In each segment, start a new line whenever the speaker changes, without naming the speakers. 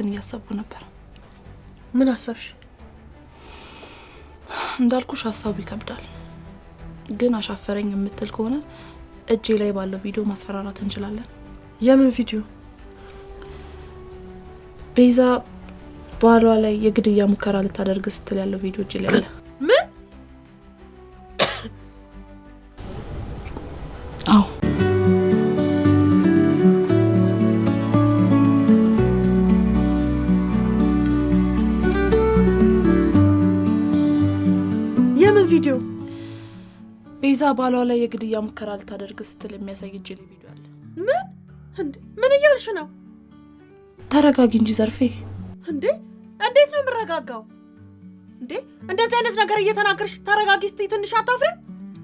ግን እያሰብኩ ነበር። ምን አሰብሽ? እንዳልኩሽ ሀሳቡ ይከብዳል፣ ግን አሻፈረኝ የምትል ከሆነ እጄ ላይ ባለው ቪዲዮ ማስፈራራት እንችላለን። የምን ቪዲዮ? ቤዛ ባሏ ላይ የግድያ ሙከራ ልታደርግ ስትል ያለው ቪዲዮ እጄ ላይ አለ። ቪዲዮ ቤዛ ባሏ ላይ የግድያ ሙከራ ልታደርግ ስትል የሚያሳይ እጅ ላይ ቪዲዮ አለ።
ምን እንዴ? ምን እያልሽ ነው?
ተረጋጊ እንጂ ዘርፌ።
እንዴ እንዴት ነው የምረጋጋው? እንዴ እንደዚህ አይነት ነገር እየተናገርሽ ተረጋጊ ስትይ ትንሽ አታፍሪም?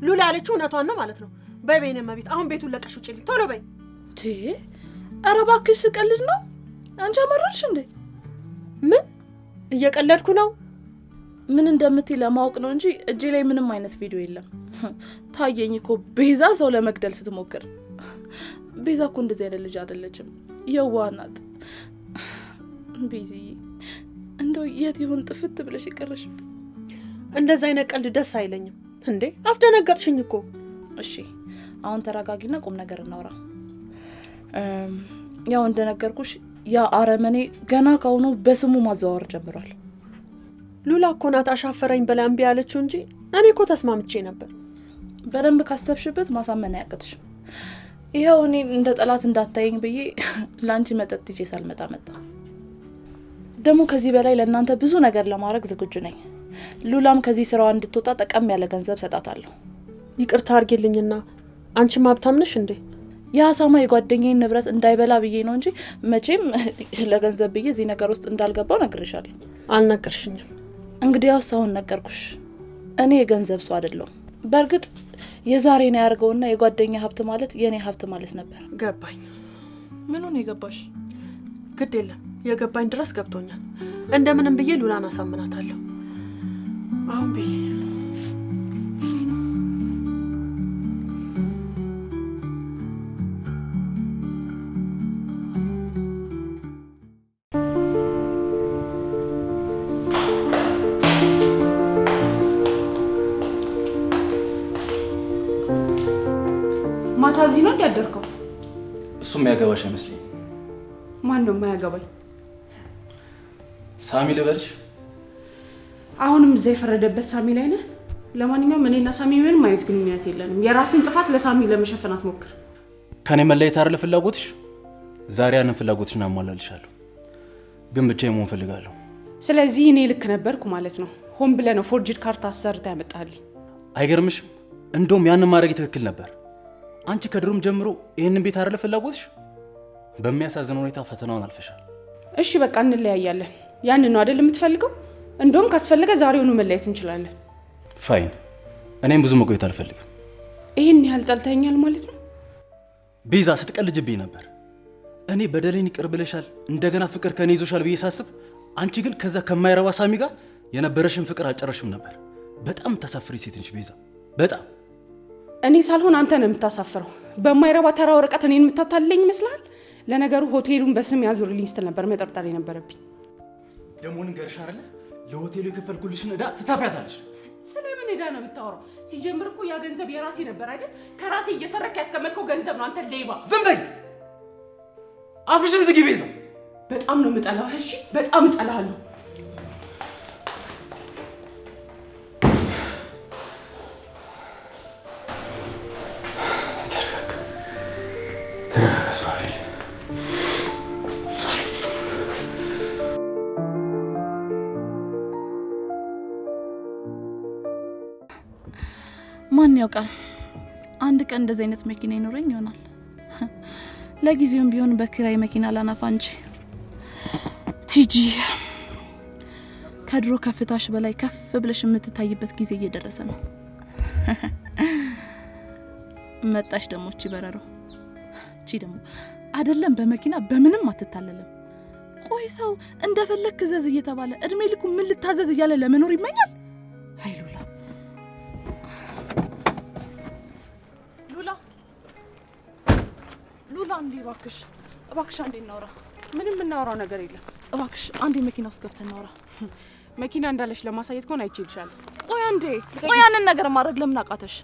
ሉላ ያለችው እውነቷን ነው ማለት ነው። በይ መቤት፣ አሁን ቤቱን ለቀሽ ልኝ፣ ቶሎ በይ።
ኧረ እባክሽ ስቀልድ ነው። አንቺ አመረርሽ እንዴ?
ምን እየቀለድኩ ነው
ምን እንደምትይ ለማወቅ ነው እንጂ እጄ ላይ ምንም አይነት ቪዲዮ የለም። ታየኝ እኮ ቤዛ ሰው ለመግደል ስትሞክር። ቤዛ እኮ እንደዚህ አይነት ልጅ አይደለችም፣ የዋህ ናት። ቤዚ እንደው የት ይሆን ጥፍት ብለሽ ይቀረሽ።
እንደዚ አይነት ቀልድ ደስ አይለኝም። እንዴ አስደነገጥሽኝ እኮ።
እሺ አሁን ተረጋጊና ቁም ነገር እናውራ። ያው እንደነገርኩሽ ያ አረመኔ ገና ከአሁኑ በስሙ ማዘዋወር ጀምሯል።
ሉላ እኮ ናት አሻፈረኝ ብላ እምቢ ያለችው እንጂ እኔ እኮ ተስማምቼ ነበር።
በደንብ ካሰብሽበት ማሳመን አያቅትሽ። ይኸው እኔ እንደ ጠላት እንዳታየኝ ብዬ ለአንቺ መጠጥ ይዤ ሳልመጣ መጣ። ደግሞ ከዚህ በላይ ለእናንተ ብዙ ነገር ለማድረግ ዝግጁ ነኝ። ሉላም ከዚህ ስራዋ እንድትወጣ ጠቀም ያለ ገንዘብ ሰጣታለሁ።
ይቅርታ አርጌልኝና አንቺም ሀብታም ነሽ እንዴ?
የአሳማ የጓደኛዬን ንብረት እንዳይበላ ብዬ ነው እንጂ መቼም ለገንዘብ ብዬ እዚህ ነገር ውስጥ እንዳልገባው ነግርሻለሁ።
አልነገርሽኝም።
ያው አሁን ነገርኩሽ፣ እኔ የገንዘብ ሰው አይደለሁም። በእርግጥ የዛሬ ነው ያደርገውና የጓደኛ ሀብት ማለት የእኔ ሀብት ማለት ነበር።
ገባኝ። ምኑን የገባሽ? ግድ የለም የገባኝ ድረስ ገብቶኛል። እንደምንም ብዬ ሉላን አሳምናታለሁ። አሁን ብዬ
እሱም ያገባሽ አይመስለኝም።
ማን ነው የማያገባኝ? ሳሚ ልበልሽ? አሁንም እዛ የፈረደበት ሳሚ ላይ ነህ። ለማንኛውም እኔና ሳሚ ምንም አይነት ግንኙነት የለንም። የራስን ጥፋት ለሳሚ ለመሸፈን አትሞክር።
ከኔ መለየት አይደለ ፍላጎትሽ? ዛሬ ያንን ፍላጎትሽን አሟላልሻለሁ፣ ግን ብቻ የመሆን ፈልጋለሁ።
ስለዚህ እኔ ልክ ነበርኩ ማለት ነው። ሆን ብለህ ነው ፎርጅድ ካርታ አሰርታ ያመጣልኝ።
አይገርምሽም? እንደውም ያንን ማድረግ ትክክል ነበር። አንቺ ከድሮም ጀምሮ ይህንን ቤት አይደለ ፍላጎትሽ? በሚያሳዝን ሁኔታ ፈተናውን አልፈሻል።
እሺ በቃ እንለያያለን። ያንን ነው አይደል የምትፈልገው? እንደውም ካስፈለገ ዛሬውኑ መለየት እንችላለን።
ፋይን። እኔም ብዙ መቆየት አልፈልግም።
ይህን ያህል ጠልተኛል ማለት ነው?
ቤዛ ስትቀልጅብኝ ነበር። እኔ በደሌን ይቅር ብለሻል፣ እንደገና ፍቅር ከእኔ ይዞሻል ብዬ ሳስብ፣ አንቺ ግን ከዛ ከማይረባ ሳሚ ጋር የነበረሽን ፍቅር አልጨረሽም ነበር። በጣም ተሳፍሪ ሴት ነሽ ቤዛ፣ በጣም
እኔ ሳልሆን አንተ ነው የምታሳፍረው። በማይረባ ተራ ወረቀት እኔን የምታታለኝ ይመስላል። ለነገሩ ሆቴሉን በስም ያዙርልኝ ስትል ነበር መጠርጠር የነበረብኝ።
ደሞን ገርሻ አይደለ ለሆቴሉ የከፈልኩልሽን እዳ ትታፊያታለሽ።
ስለምን እዳ ነው የምታወራው? ሲጀምር እኮ ያ ገንዘብ የራሴ ነበር አይደል? ከራሴ እየሰረክ ያስቀመጥከው ገንዘብ ነው አንተ ሌባ።
ዝም በይ፣ አፍሽን ዝጊ ቤዛ።
በጣም ነው የምጠላው። እሺ፣ በጣም እጠላሃለሁ።
ማን ያውቃል፣ አንድ ቀን እንደዚህ አይነት መኪና ይኖረኝ ይሆናል። ለጊዜውም ቢሆን በክራይ መኪና ላናፋ እንጂ። ቲጂ ከድሮ ከፍታሽ በላይ ከፍ ብለሽ የምትታይበት ጊዜ እየደረሰ ነው። መጣሽ ደግሞ እቺ በረሮ። እቺ ደግሞ አይደለም በመኪና በምንም አትታለልም። ቆይ ሰው እንደፈለክ እዘዝ እየተባለ እድሜ ልኩ ምን ልታዘዝ እያለ ለመኖር ይመኛል።
አንዴ እባክሽ፣ እባክሽ አንዴ እናውራ።
ምንም የምናወራው ነገር የለም።
እባክሽ አንዴ መኪና ውስጥ ገብተን እናውራ።
መኪና እንዳለሽ ለማሳየት ከሆነ አይችልሻል።
ቆይ አንዴ፣ ቆይ ያንን ነገር ማድረግ ለምን አቃተሽ?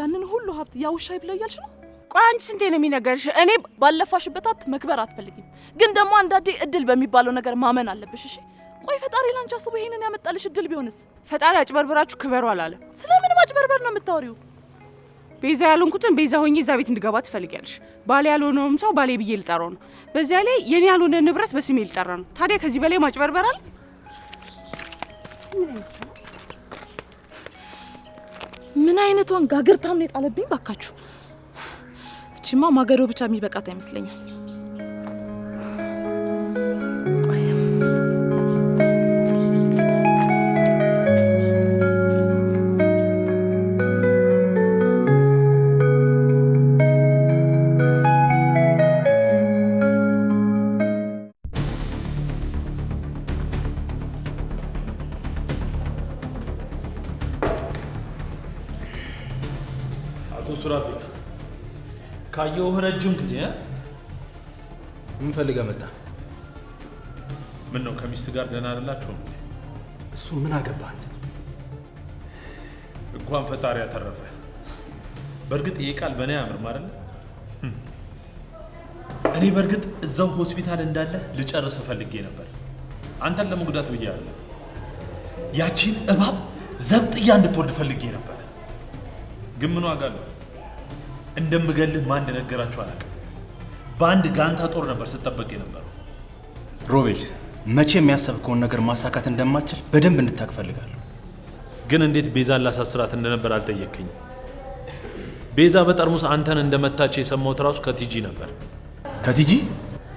ያንን ሁሉ ሀብት ያ ውሻ ይብላው እያልሽ ነው?
ቆይ አንቺ ስንቴ ነው የሚነገርሽ? እኔ ባለፋሽበት መክበር አትፈልጊም፣ ግን ደግሞ አንዳንዴ እድል በሚባለው ነገር ማመን አለብሽ። እሺ ቆይ ፈጣሪ ላንቺ አስቦ ይሄንን ያመጣልሽ እድል ቢሆንስ?
ፈጣሪ አጭበርበራችሁ ክበሩ አላለም። ስለምን አጭበርበር ነው የምታወሪው?
ቤዛ ያልሆንኩትን ቤዛ ሆኜ እዛ ቤት እንድገባ ትፈልጊያለሽ። ባሌ ያልሆነውም ሰው ባሌ ብዬ ልጠራው ነው። በዚያ ላይ የኔ ያልሆነ ንብረት በስሜ ልጠራ ነው። ታዲያ ከዚህ በላይ ማጭበርበራል። ምን አይነት ወንጋግር ታምን የጣለብኝ ባካችሁ። እችማ ማገዶ ብቻ የሚበቃት አይመስለኛል።
ደህና አይደላችሁም።
እሱ ምን አገባት?
እንኳን ፈጣሪ ያተረፈ። በእርግጥ ይህ ቃል በእኔ አያምርም አይደለ? እኔ በእርግጥ እዛው ሆስፒታል እንዳለ ልጨርስ ፈልጌ ነበር። አንተን ለመጉዳት ብዬ አለ ያቺን እባብ ዘብጥያ እንድትወድ ፈልጌ ነበር። ግን ምን ዋጋ አለው? እንደምገልህ ማን እንደነገራችሁ አላውቅም። በአንድ ጋንታ ጦር ነበር ስጠበቅ የነበረው
ሮቤል መቼ የሚያሰብከውን ነገር ማሳካት እንደማትችል በደንብ እንድታውቅ
ግን እንዴት ቤዛን ላሳስራት እንደነበር አልጠየቅኝ። ቤዛ በጠርሙስ አንተን እንደመታች የሰማሁት ራሱ ከቲጂ ነበር። ከቲጂ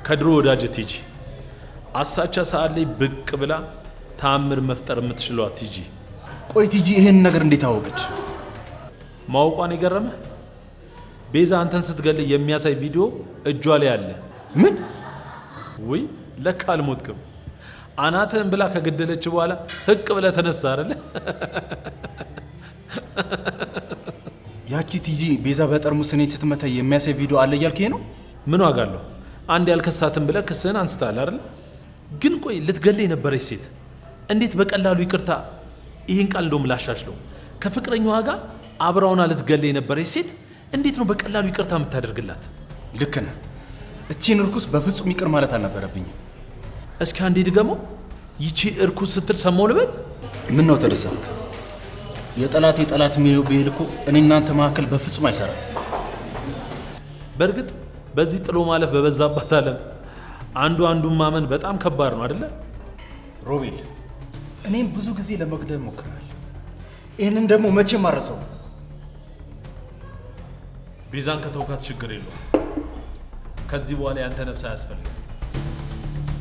ከድሮ ወዳጅ ቲጂ አሳቻ ሰዓት ላይ ብቅ ብላ ተአምር መፍጠር የምትችለዋ ቲጂ።
ቆይ ቲጂ ይህን ነገር እንዴት አወቀች?
ማወቋን የገረመ ቤዛ አንተን ስትገል የሚያሳይ ቪዲዮ እጇ ላይ አለ። ምን ውይ ለካ አልሞትክም። አናትህን ብላ ከገደለች በኋላ ህቅ ብለህ ተነሳ አይደለ?
ያቺ ቲጂ ቤዛ በጠርሙስ እኔን ስትመታ የሚያሳይ ቪዲዮ አለ እያልክ ነው?
ምን ዋጋ አለው አንድ ያልከሳትን ብለህ ክስህን አንስታል አይደል? ግን ቆይ ልትገለኝ የነበረች ሴት እንዴት በቀላሉ ይቅርታ ይህን ቃል እንደውም ላሻሽለው፣ ከፍቅረኛዋ ጋር አብራውና ልትገለኝ የነበረች ሴት እንዴት ነው በቀላሉ ይቅርታ የምታደርግላት?
ልክ ነህ። እቺን እርኩስ በፍጹም ይቅር ማለት አልነበረብኝም።
እስኪ አንዴ ድገመው። ይቺ እርኩስ ስትል ሰማው ልበል።
ምን ነው ተደሰትክ? የጠላት የጠላት የሚለው ብሄል እኮ እኔ እናንተ መካከል በፍጹም አይሰራም።
በእርግጥ በዚህ ጥሎ ማለፍ በበዛባት ዓለም አንዱ አንዱን ማመን በጣም ከባድ ነው አይደለ
ሮቤል? እኔም ብዙ ጊዜ ለመግደል ሞክራል። ይህንን ደግሞ መቼም አረሰው።
ቤዛን ከተውካት ችግር የለው ከዚህ በኋላ ያንተ ነፍስ አያስፈልግም።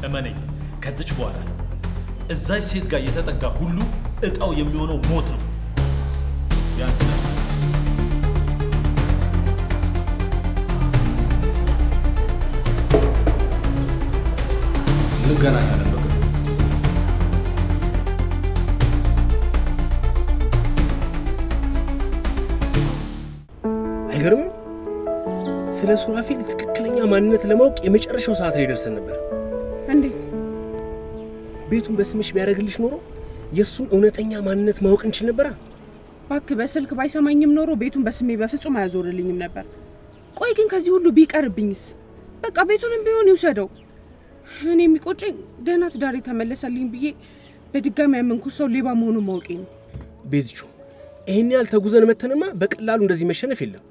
እመነኝ፣ ከዚች በኋላ እዛች ሴት ጋር የተጠጋ ሁሉ እጣው የሚሆነው ሞት ነው። ቢያንስ ነፍስ እንገናኛለን።
አይገርምም? ስለ ሱራፌል ትክክለኛ ማንነት ለማወቅ የመጨረሻው ሰዓት ላይ ደርሰን ነበር። እንዴት ቤቱን በስምሽ ቢያደርግልሽ ኖሮ የእሱን እውነተኛ ማንነት ማወቅ እንችል ነበር።
እባክህ በስልክ ባይሰማኝም ኖሮ ቤቱን በስሜ በፍጹም አያዞርልኝም ነበር። ቆይ ግን ከዚህ ሁሉ ቢቀርብኝስ? በቃ ቤቱንም ቢሆን ይውሰደው። እኔ የሚቆጨኝ ደህና ትዳር የተመለሰልኝ ብዬ በድጋሚ ያመንኩት ሰው ሌባ መሆኑን ማወቄ ነው።
ቤዝቹ ይህን ያህል ተጉዘን መተንማ በቀላሉ እንደዚህ መሸነፍ የለም።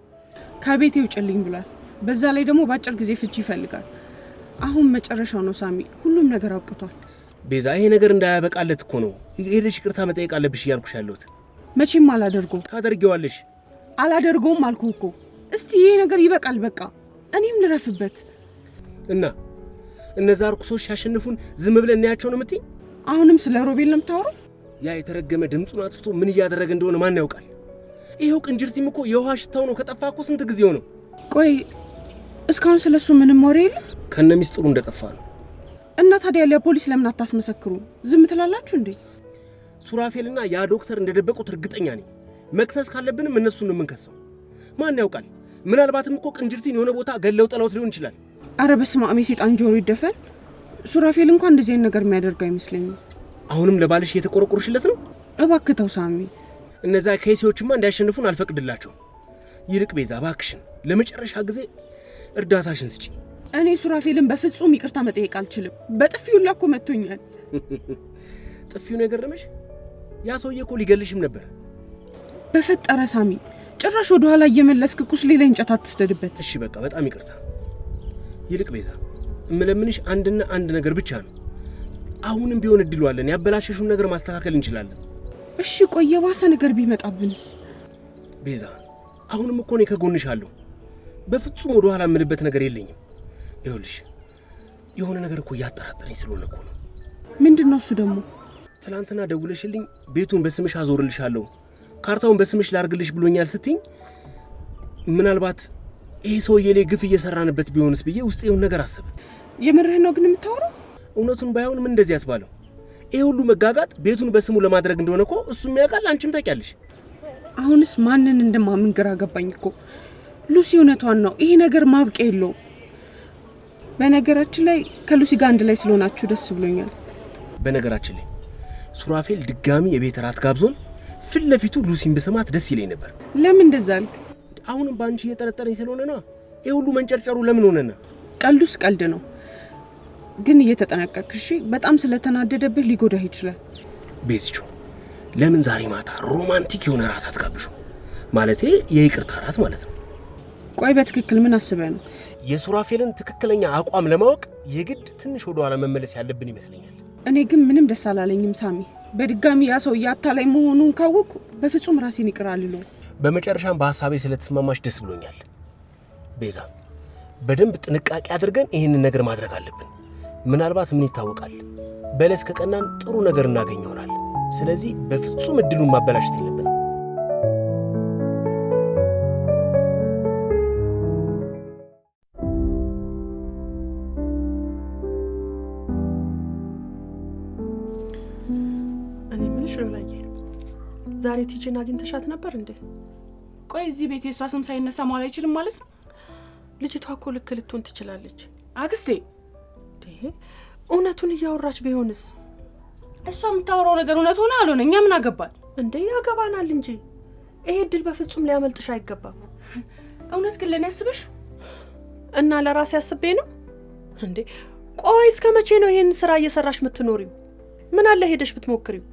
ከቤት ይውጭልኝ ብሏል። በዛ ላይ ደግሞ በአጭር ጊዜ ፍቺ ይፈልጋል። አሁን መጨረሻው ነው ሳሚ፣ ሁሉም ነገር አውቅቷል።
ቤዛ፣ ይሄ ነገር እንዳያበቃለት እኮ ነው ሄደሽ ይቅርታ መጠየቅ አለብሽ እያልኩሽ ያለሁት።
መቼም አላደርገውም።
ታደርጊዋለሽ።
አላደርገውም አልኩ እኮ። እስቲ ይሄ ነገር ይበቃል፣ በቃ እኔም ልረፍበት
እና እነዛ ርኩሶች ሲያሸንፉን ዝም ብለን እናያቸው ነው የምትይኝ?
አሁንም ስለ ሮቤል ነው
ያ የተረገመ ድምፁን አጥፍቶ ምን እያደረገ እንደሆነ ማን ያውቃል? ይኸው ቅንጅርቲም እኮ የውሃ ሽታው ነው ከጠፋ እኮ ስንት ጊዜው ነው።
ቆይ እስካሁን ስለ እሱ ምንም ወሬ የለም?
ከነ ሚስጥሩ እንደጠፋ ነው።
እና ታዲያ ለፖሊስ ለምን አታስመሰክሩ? ዝም ትላላችሁ እንዴ?
ሱራፌልና ያ ዶክተር እንደደበቁት እርግጠኛ ነኝ። መክሰስ ካለብንም እነሱን ነው የምንከሰው። ማን ያውቃል? ምናልባትም እኮ ቅንጅርቲን የሆነ ቦታ ገለው ጠላውት ሊሆን ይችላል።
አረ በስመ አብ! የሰይጣን ጆሮ ይደፈን። ሱራፌል እንኳን እንደዚህ አይነት ነገር የሚያደርግ አይመስለኝም።
አሁንም ለባልሽ እየተቆረቆርሽለት ነው?
እባክህ ሳሚ።
እነዛ ከይሴዎችማ እንዳያሸንፉን አልፈቅድላቸውም። ይልቅ ቤዛ እባክሽን ለመጨረሻ ጊዜ እርዳታሽን ስጪ።
እኔ ሱራፌልን በፍጹም ይቅርታ መጠየቅ አልችልም። በጥፊው ላኮ እኮ ጥፊው
ጥፊውን የገረመሽ? ያ ሰውዬ እኮ ሊገልሽም ነበር።
በፈጠረ ሳሚ፣ ጭራሽ ወደ ኋላ እየመለስክ ቁስ ሌላ እንጨት አትስደድበት።
እሺ በቃ በጣም ይቅርታ። ይልቅ ቤዛ እምለምንሽ አንድና አንድ ነገር ብቻ ነው። አሁንም ቢሆን እድሏለን። ያበላሸሹን ነገር ማስተካከል እንችላለን።
እሺ ቆይ የባሰ ነገር ቢመጣብንስ?
ቤዛ አሁንም እኮ እኔ ከጎንሽ አለሁ። በፍጹም ወደ ኋላ እምልበት ነገር የለኝም። ይኸውልሽ የሆነ ነገር እኮ እያጠራጠረኝ ስለሆነ እኮ ነው።
ምንድን ነው እሱ ደግሞ?
ትናንትና ደውለሽልኝ ቤቱን በስምሽ አዞርልሻለሁ፣ ካርታውን በስምሽ ላርግልሽ ብሎኛል ስትኝ ምናልባት ይሄ ሰውዬ ላይ ግፍ እየሰራንበት ቢሆንስ ብዬ ውስጥ የሆነ ነገር አስብ።
የምርህ ነው ግን የምታወራው?
እውነቱን ባይሆን ምን እንደዚህ ያስባለሁ? ይሄ ሁሉ መጋጋጥ ቤቱን በስሙ ለማድረግ እንደሆነ እኮ እሱም ያውቃል፣ አንቺም ታውቂያለሽ።
አሁንስ ማንን እንደማምን ግራ ገባኝ እኮ ሉሲ። እውነቷን ነው፣ ይሄ ነገር ማብቂያ የለውም። በነገራችን ላይ ከሉሲ ጋር አንድ ላይ ስለሆናችሁ ደስ ብሎኛል።
በነገራችን ላይ ሱራፌል ድጋሚ የቤት እራት ጋብዞን ፊት ለፊቱ ሉሲን ብሰማት ደስ ይለኝ ነበር።
ለምን እንደዛ አልክ?
አሁንም በአንቺ እየጠረጠረኝ ስለሆነ ነው። ይህ ሁሉ መንጨርጨሩ ለምን ሆነና?
ቀልዱስ ቀልድ ነው፣ ግን እየተጠናቀቅሽ እሺ። በጣም ስለተናደደብህ ሊጎዳህ ይችላል።
ቤዝቾ ለምን ዛሬ ማታ ሮማንቲክ የሆነ እራት አትጋብዥ? ማለቴ የይቅርታ እራት ማለት ነው።
ቆይ በትክክል ምን አስበ ነው?
የሱራፌልን ትክክለኛ አቋም ለማወቅ የግድ ትንሽ ወደኋላ መመለስ ያለብን ይመስለኛል።
እኔ ግን ምንም ደስ አላለኝም ሳሚ። በድጋሚ ያ ሰው እያታላይ መሆኑን ካወቅኩ በፍጹም ራሴን ይቅር አልለው።
በመጨረሻም በሀሳቤ ስለተስማማች ደስ ብሎኛል። ቤዛ፣ በደንብ ጥንቃቄ አድርገን ይህንን ነገር ማድረግ አለብን። ምናልባት ምን ይታወቃል፣ በለስ ከቀናን ጥሩ ነገር እናገኝ ይሆናል። ስለዚህ በፍጹም እድሉን ማበላሸት የለም።
እኔ የምልሽ ሎላዬ፣ ዛሬ ቲጂን አግኝተሻት ነበር እንዴ?
ቆይ እዚህ ቤት የሷ ስም ሳይነሳ መዋል አይችልም ማለት ነው?
ልጅቷ እኮ ልክ ልትሆን ትችላለች። አክስቴ፣ እውነቱን እያወራች ቢሆንስ?
እሷ የምታወራው ነገር እውነት ሆነ አልሆነ እኛ ምን አገባል
እንዴ? ያገባናል እንጂ ይሄ እድል በፍጹም ሊያመልጥሽ አይገባም።
እውነት ግን ለእኔ ያስበሽ
እና ለራሴ ያስቤ ነው እንዴ? ቆይ እስከ መቼ ነው ይህን ስራ እየሰራሽ የምትኖሪው? ምን አለ ሄደሽ ብትሞክሪው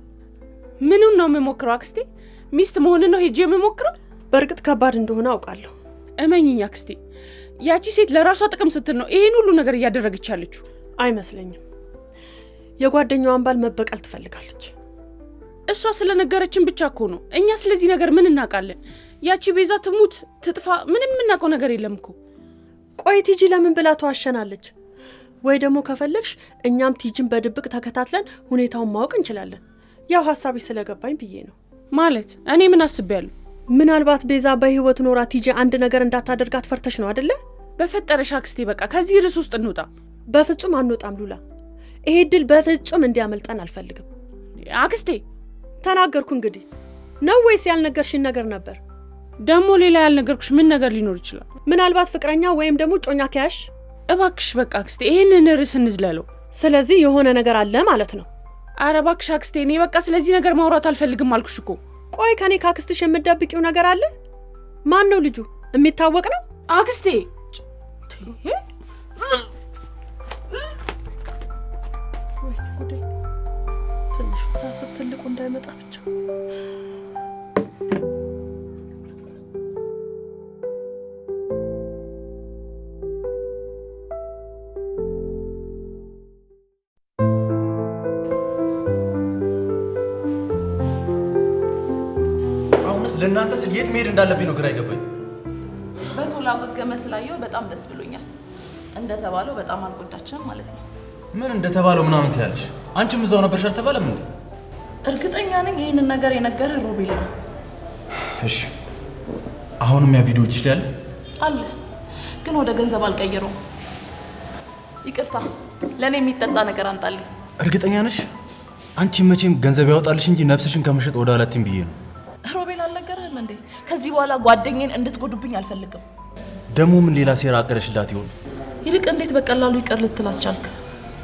ምኑን ነው የምሞክረው? አክስቴ ሚስት መሆንን ነው ሄጄ የምሞክረው።
በእርግጥ ከባድ እንደሆነ አውቃለሁ።
እመኝኝ አክስቴ፣ ያቺ ሴት ለራሷ ጥቅም ስትል ነው ይህን ሁሉ ነገር እያደረገች ያለችው።
አይመስለኝም። የጓደኛዋን ባል መበቀል ትፈልጋለች።
እሷ ስለነገረችን ብቻ እኮ ነው። እኛ ስለዚህ ነገር ምን እናውቃለን? ያቺ ቤዛ ትሙት ትጥፋ፣ ምንም የምናውቀው ነገር የለም እኮ።
ቆይ ቲጂ ለምን ብላ ተዋሸናለች? ወይ ደግሞ ከፈለግሽ እኛም ቲጂን በድብቅ ተከታትለን ሁኔታውን ማወቅ እንችላለን። ያው ሀሳቢ ስለገባኝ ብዬ ነው።
ማለት እኔ ምን አስቤያለሁ?
ምናልባት ቤዛ በህይወት ኖራ ቲጂ አንድ ነገር እንዳታደርጋት ፈርተሽ ነው አደለ?
በፈጠረሽ አክስቴ፣ በቃ ከዚህ ርዕስ ውስጥ እንውጣ።
በፍጹም አንወጣም ሉላ። ይሄ ድል በፍጹም እንዲያመልጠን አልፈልግም። አክስቴ፣ ተናገርኩ እንግዲህ ነው ወይስ ያልነገርሽን ነገር ነበር?
ደግሞ ሌላ ያልነገርኩሽ ምን ነገር ሊኖር ይችላል?
ምናልባት ፍቅረኛ ወይም ደግሞ ጮኛ ከያሽ።
እባክሽ በቃ አክስቴ፣ ይህንን ርዕስ እንዝለለው።
ስለዚህ የሆነ ነገር አለ ማለት ነው።
አረ እባክሽ አክስቴ፣ እኔ በቃ ስለዚህ ነገር ማውራት አልፈልግም አልኩሽ እኮ።
ቆይ ከኔ ከአክስትሽ የምትደብቂው ነገር አለ? ማን ነው ልጁ? የሚታወቅ ነው? አክስቴ ትንሽ ሳስብ ትልቁ እንዳይመጣ ብቻ
ለአንተ ስል የት መሄድ እንዳለብኝ ነው ግራ አይገባኝ።
በቶላ ገገመ ስላየው በጣም ደስ ብሎኛል። እንደተባለው በጣም አልጎዳችንም ማለት ነው።
ምን እንደተባለው ምናምን ትያለሽ? አንቺም እዛው ነበርሽ አልተባለም እንዴ?
እርግጠኛ ነኝ ይህንን ነገር የነገረ ሮቤል ነው።
እሺ፣ አሁንም ያ ቪዲዮ ይችላል
አለ፣ ግን ወደ ገንዘብ አልቀየረውም። ይቅርታ፣ ለእኔ የሚጠጣ ነገር አምጣልኝ።
እርግጠኛ ነሽ? አንቺ መቼም ገንዘብ ያወጣልሽ እንጂ ነፍስሽን ከመሸጥ ወደ አላትም ብዬ ነው
አልነገረህም እንዴ? ከዚህ በኋላ ጓደኛን እንድትጎዱብኝ አልፈልግም።
ደግሞ ምን ሌላ ሴራ አቀረሽላት ይሆን?
ይልቅ እንዴት በቀላሉ ይቅር ልትላቻልክ?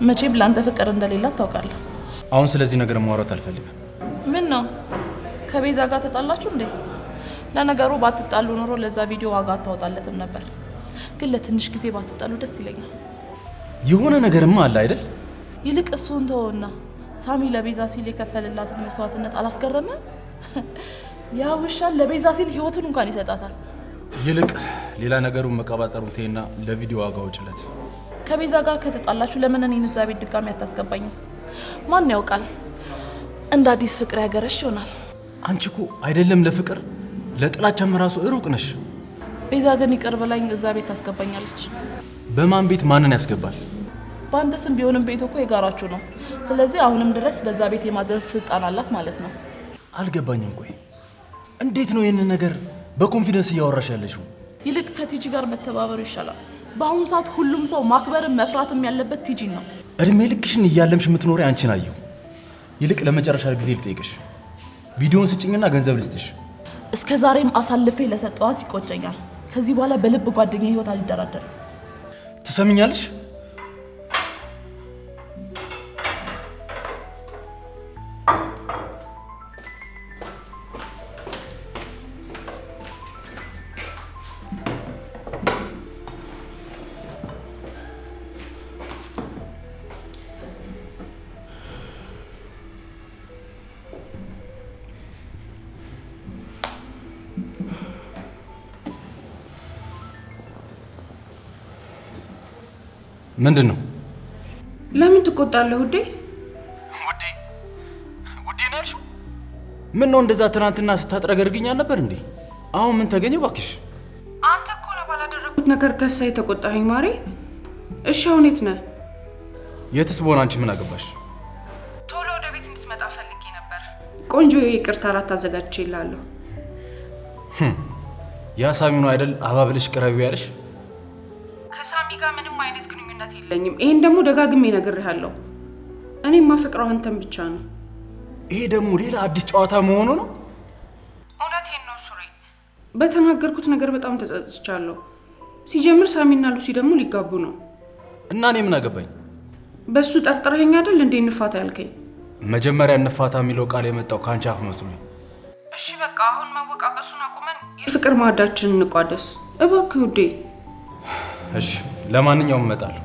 መቼም ለአንተ ፍቅር እንደሌላት ታውቃለህ።
አሁን ስለዚህ ነገር ማውራት አልፈልግም።
ምን ነው ከቤዛ ጋር ተጣላችሁ እንዴ? ለነገሩ ባትጣሉ ኖሮ ለዛ ቪዲዮ ዋጋ አታወጣለትም ነበር። ግን ለትንሽ ጊዜ ባትጣሉ ደስ ይለኛል።
የሆነ ነገርም አለ አይደል?
ይልቅ እሱን ተወና ሳሚ ለቤዛ ሲል የከፈልላትን መስዋዕትነት አላስገረመ? ያ ውሻ ለቤዛ ሲል ህይወቱን እንኳን ይሰጣታል።
ይልቅ ሌላ ነገሩን መቀባጠሩ ቴና ለቪዲዮ ዋጋ ውጭለት።
ከቤዛ ጋር ከተጣላችሁ ለምን እኔን እዛ ቤት ድጋሚ አታስገባኝም? ማን ያውቃል፣ እንደ አዲስ ፍቅር ያገረሽ ይሆናል።
አንቺ እኮ አይደለም ለፍቅር ለጥላቻም ራሱ ሩቅ ነሽ።
ቤዛ ግን ይቅር ብላኝ እዛ ቤት ታስገባኛለች።
በማን ቤት ማንን ያስገባል?
በአንተ ስም ቢሆንም ቤት እኮ የጋራችሁ ነው። ስለዚህ አሁንም ድረስ በዛ ቤት የማዘዝ ስልጣን አላት ማለት ነው።
አልገባኝም። ቆይ እንዴት ነው ይህንን ነገር በኮንፊደንስ እያወራሽ ያለሽው?
ይልቅ ከቲጂ ጋር መተባበሩ ይሻላል። በአሁኑ ሰዓት ሁሉም ሰው ማክበርም መፍራትም ያለበት ቲጂን ነው።
እድሜ ልክሽን እያለምሽ የምትኖሪ አንቺን አየሁ። ይልቅ ለመጨረሻ ጊዜ ልጠይቅሽ፣ ቪዲዮን ስጭኝና ገንዘብ ልስጥሽ።
እስከ ዛሬም አሳልፌ ለሰጠዋት ይቆጨኛል። ከዚህ በኋላ በልብ ጓደኛ ህይወት አልደራደርም።
ትሰምኛለሽ? ምንድን ነው?
ለምን ትቆጣለህ ውዴ?
ውዴ ውዴ ነው ያልሽው? ምን ነው እንደዛ ትናንትና ስታጥረገርግኝ አልነበር እንዴ? አሁን ምን ተገኘው እባክሽ
አንተ እኮ ነው ባላደረጉት ነገር ከሳ የተቆጣኸኝ ማሪ? እሺ አሁን ነህ?
የትስ በሆነ አንቺ ምን አገባሽ?
ቶሎ ወደ ቤት እንድትመጣ ፈልጌ ነበር። ቆንጆ ይቅርታ አራት አዘጋጅቼ ይላለሁ?
ያ ሳሚ ነው አይደል? አባብልሽ ቅረቢ ያለሽ
ከሳሚ ጋር ምንም አይነት ኃላፊነት የለኝም። ይሄን ደግሞ ደጋግሜ ነግሬሃለሁ። እኔ የማፈቅረው አንተን ብቻ ነው።
ይሄ ደግሞ ሌላ አዲስ ጨዋታ መሆኑ ነው።
እውነቴን ነው ሱሪ፣ በተናገርኩት ነገር በጣም ተጸጽቻለሁ። ሲጀምር ሳሚና ሉሲ ደግሞ ሊጋቡ ነው
እና እኔ ምን አገባኝ?
በእሱ ጠርጥረኸኝ አይደል እንዴ እንፋታ ያልከኝ?
መጀመሪያ እንፋታ የሚለው ቃል የመጣው ከአንቺ አፍ መስሎኝ።
እሺ በቃ አሁን መወቃቀሱን አቁመን የፍቅር ማዕዳችንን እንቋደስ እባክህ ውዴ።
እሺ ለማንኛውም እመጣለሁ።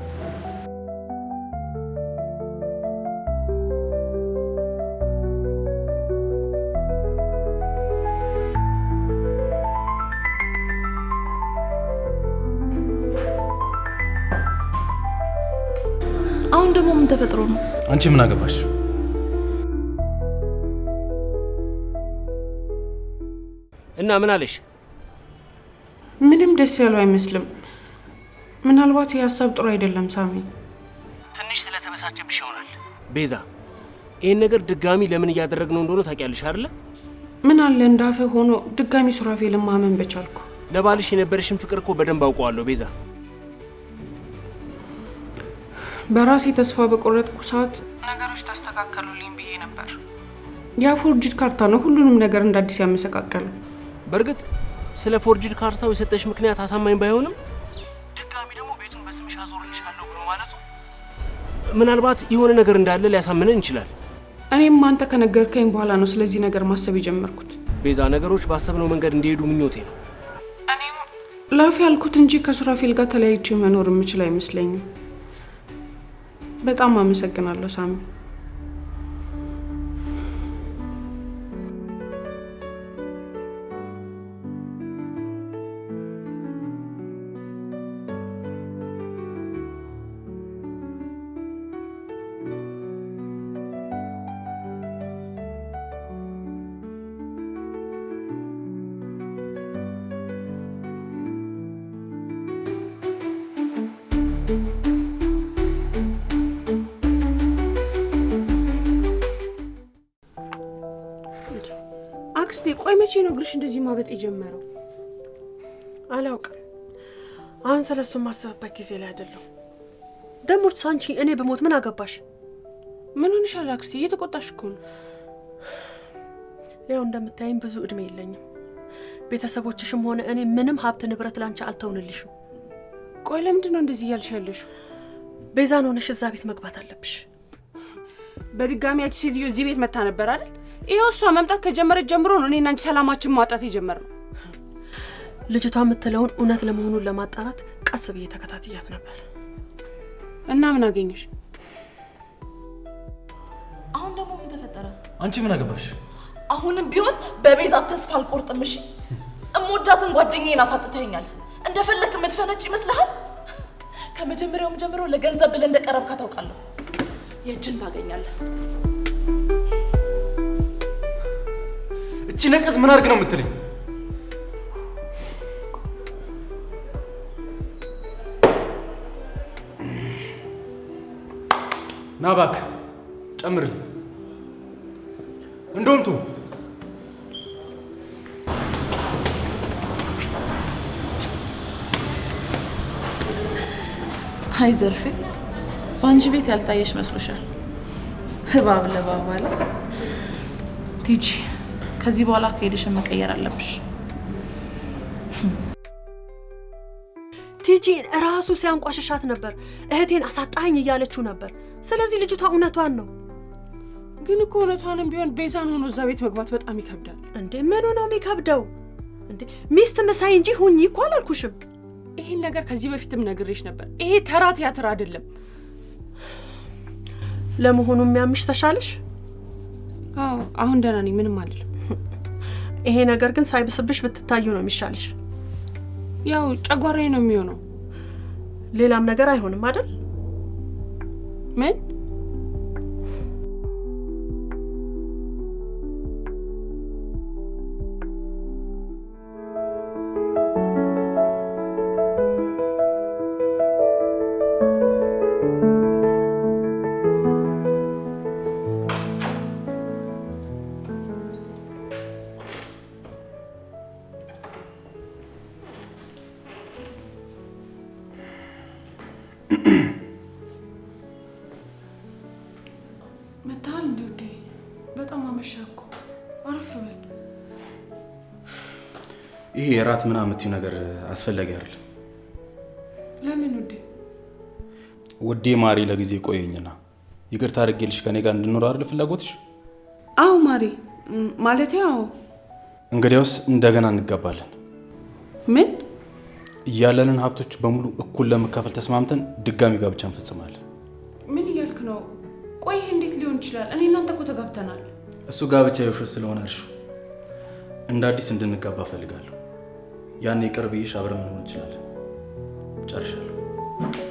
አንቺ ምን አገባሽ? እና ምን አለሽ?
ምንም ደስ ያለው አይመስልም። ምናልባት የሀሳብ ጥሩ አይደለም ሳሚ። ትንሽ ስለተበሳጨብሽ ይሆናል።
ቤዛ፣ ይህን ነገር ድጋሚ ለምን እያደረግነው እንደሆነ ታውቂያለሽ አይደለ?
ምን አለ እንዳፈ ሆኖ ድጋሚ ሱራፌ ለማመን በቻልኩ።
ለባልሽ የነበረሽን ፍቅር እኮ በደንብ አውቀዋለሁ ቤዛ
በራሴ ተስፋ በቆረጥኩ ሰዓት ነገሮች ታስተካከሉልኝ ብዬ ነበር። ያ ፎርጅድ ካርታ ነው ሁሉንም ነገር እንደ አዲስ ያመሰቃቀለው።
በእርግጥ ስለ ፎርጅድ ካርታው የሰጠሽ ምክንያት አሳማኝ ባይሆንም
ድጋሚ ደግሞ ቤቱን በስምሽ አዞርልሻለሁ ብሎ ማለቱ
ምናልባት የሆነ ነገር እንዳለ ሊያሳምነን ይችላል።
እኔም አንተ ከነገርከኝ በኋላ ነው ስለዚህ ነገር ማሰብ የጀመርኩት።
ቤዛ፣ ነገሮች ባሰብነው መንገድ እንዲሄዱ ምኞቴ ነው።
እኔም ላፍ ያልኩት እንጂ ከሱራፌል ጋር ተለያይቼ መኖር የምችል አይመስለኝም። በጣም አመሰግናለሁ ሳሚ። አክስቴ ቆይ መቼ ነው እግርሽ እንደዚህ ማበጥ የጀመረው? አላውቅም። አሁን ስለሱ ማሰብበት ጊዜ ላይ አይደለሁ። ደግሞ ሳንቺ እኔ ብሞት ምን አገባሽ?
ምን ሆንሻል አክስቴ? እየተቆጣሽ እኮ ነው።
ያው እንደምታይም ብዙ እድሜ የለኝም። ቤተሰቦችሽም ሆነ እኔ ምንም ሀብት ንብረት ላንቺ አልተውንልሽም።
ቆይ ለምንድን ነው እንደዚህ እያልሽ ያለሽ?
ቤዛን ሆነሽ እዛ ቤት መግባት አለብሽ።
በድጋሚ ያቺ ሴትዮ እዚህ ቤት መታ ነበር አይደል? ይኸው እሷ መምጣት ከጀመረች ጀምሮ ነው እኔና አንቺ ሰላማችን ማጣት የጀመርነው።
ልጅቷ የምትለውን እውነት ለመሆኑን ለማጣራት ቀስ ብዬ ተከታትያት ነበር
እና ምን አገኘሽ? አሁን ደግሞ ምን ተፈጠረ? አንቺ ምን አገባሽ? አሁንም ቢሆን በቤዛ ተስፋ አልቆርጥም። እሺ እምወዳትን ጓደኛዬን አሳጥተኸኛል። እንደፈለክ የምትፈነጭ ይመስልሃል? ከመጀመሪያውም ጀምሮ ለገንዘብ ብለህ እንደቀረብካ ታውቃለሁ። የእጅን ታገኛለህ።
እቺ ነቀዝ ምን አድርግ ነው የምትለኝ? ና እባክህ ጨምርልኝ። እንደውም ቱ
አይ ዘርፌ በአንቺ ቤት ያልታየሽ መስሎሻል።
እባብ ለባብ አለ
ቲጂ ከዚህ በኋላ ከሄደሽን መቀየር አለብሽ። ቲጂን እራሱ ሲያንቋሸሻት ነበር። እህቴን አሳጣኝ እያለችው ነበር። ስለዚህ ልጅቷ እውነቷን ነው።
ግን እኮ እውነቷንም ቢሆን ቤዛን ሆኖ እዛ ቤት መግባት በጣም ይከብዳል።
እንዴ ምኑ ነው የሚከብደው? እንዴ ሚስት ምሳይ እንጂ ሁኚ እኮ አላልኩሽም።
ይህን ነገር ከዚህ በፊትም ነግሬሽ ነበር። ይሄ ተራ ቲያትር አይደለም።
ለመሆኑ የሚያምሽ ተሻለሽ?
አዎ አሁን ደህና ነኝ፣ ምንም አልልም።
ይሄ ነገር ግን ሳይብስብሽ ብትታዩ ነው የሚሻልሽ።
ያው ጨጓራዬ ነው የሚሆነው።
ሌላም ነገር አይሆንም አይደል?
ምን
እራት ምናምን የምትይው ነገር አስፈላጊ አይደለም። ለምን ውዴ? ውዴ ማሪ ለጊዜ ቆየኝና ይቅርታ አድርጌልሽ ከኔ ጋር እንድኖር አይደል ፍላጎትሽ?
አዎ ማሪ ማለት አዎ።
እንግዲያውስ እንደገና እንገባለን። ምን እያለንን ሀብቶች በሙሉ እኩል ለመካፈል ተስማምተን ድጋሚ ጋብቻ እንፈጽማለን።
ምን እያልክ ነው? ቆይ እንዴት ሊሆን ይችላል? እኔ እናንተ እኮ ተጋብተናል።
እሱ ጋብቻ የውሸት ስለሆነ እርሹ እንደ አዲስ እንድንጋባ እፈልጋለሁ። ያኔ ቅርብ ይሽ አብረን መሆን እንችላለን። ጨርሻለሁ።